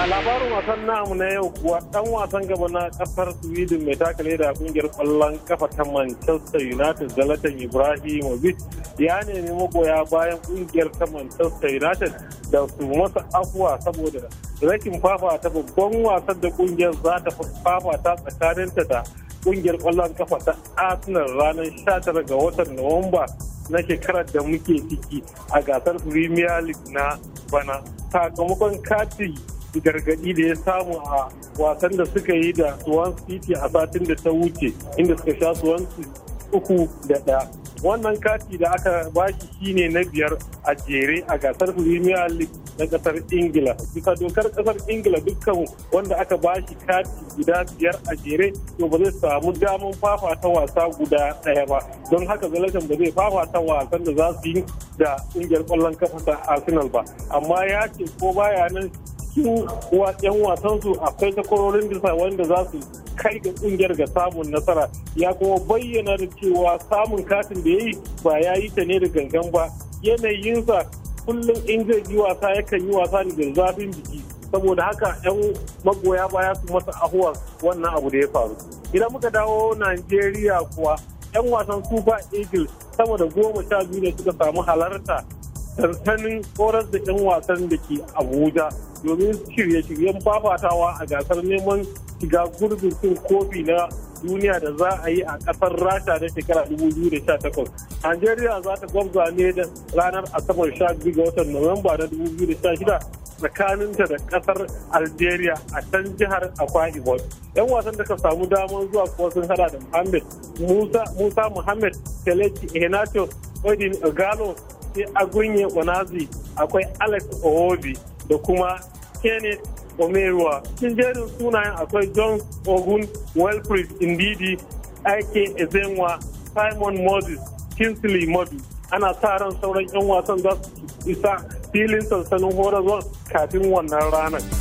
A labarin wasan namu na yau kuwa ɗan wasan gaba na kafar Sweden mai takale da kungiyar kwallon kafa ta Manchester United Zlatan Ibrahimovic ya nemi magoya bayan kungiyar ta Manchester United da su masa afuwa saboda rakin fafa ta babban wasan da kungiyar za ta fafa ta tsakaninta da kungiyar kwallon kafa ta Arsenal ranar 19 ga watan Nuwamba na shekarar da muke ciki a gasar Premier League na bana sakamakon kati gargaɗi da ya samu a wasan da suka yi da Swan City a satin da ta wuce inda suka sha Swan uku da ɗaya. Wannan kati da aka bashi shine na biyar a jere a gasar Premier League na kasar ingila bisa dokar kasar ingila dukkan wanda aka bashi kati guda biyar a jere to ba zai samu damar fafata wasa guda ɗaya ba don haka zalatan ba zai fafata wasan da za su yi da ƙungiyar ƙwallon kafa ta arsenal ba amma ya ce ko baya nan cikin yan wasansu akwai takwarorin bisa wanda za su kai ga kungiyar ga samun nasara ya kuma bayyana da cewa samun katin da ya yi ba ya yi ta ne da gangan ba yanayinsa kullum in zai yi wasa yakan yi wasa da zafin jiki saboda haka yan magoya baya su masa ahuwa wannan abu da ya faru idan muka dawo najeriya kuwa yan wasan super eagles sama da goma sha biyu ne suka samu halarta sansanin horas da yan wasan da ke abuja domin shirye-shiryen fafatawa a gasar neman shiga gurbin cin kofi na duniya da za a yi a kasar rasha na shekara 2018 algeria za ta gwabza ne da ranar asabar biyu ga watan nuwamba na 2016 tsakaninta da kasar algeria a can jihar akwa ibos yan wasan da ka samu damar zuwa kuwa sun hada da muhammad musa muhammad kelechi henacho odin galo sai agunye onazi akwai alex owobi da kuma kenneth omeruwa cikin jerin sunayen akwai john ogun wilfred indidi ike ezenwa simon moses kinsley modu ana sa ran sauran 'yan wasan za su isa filin sansanin horazon kafin wannan ranar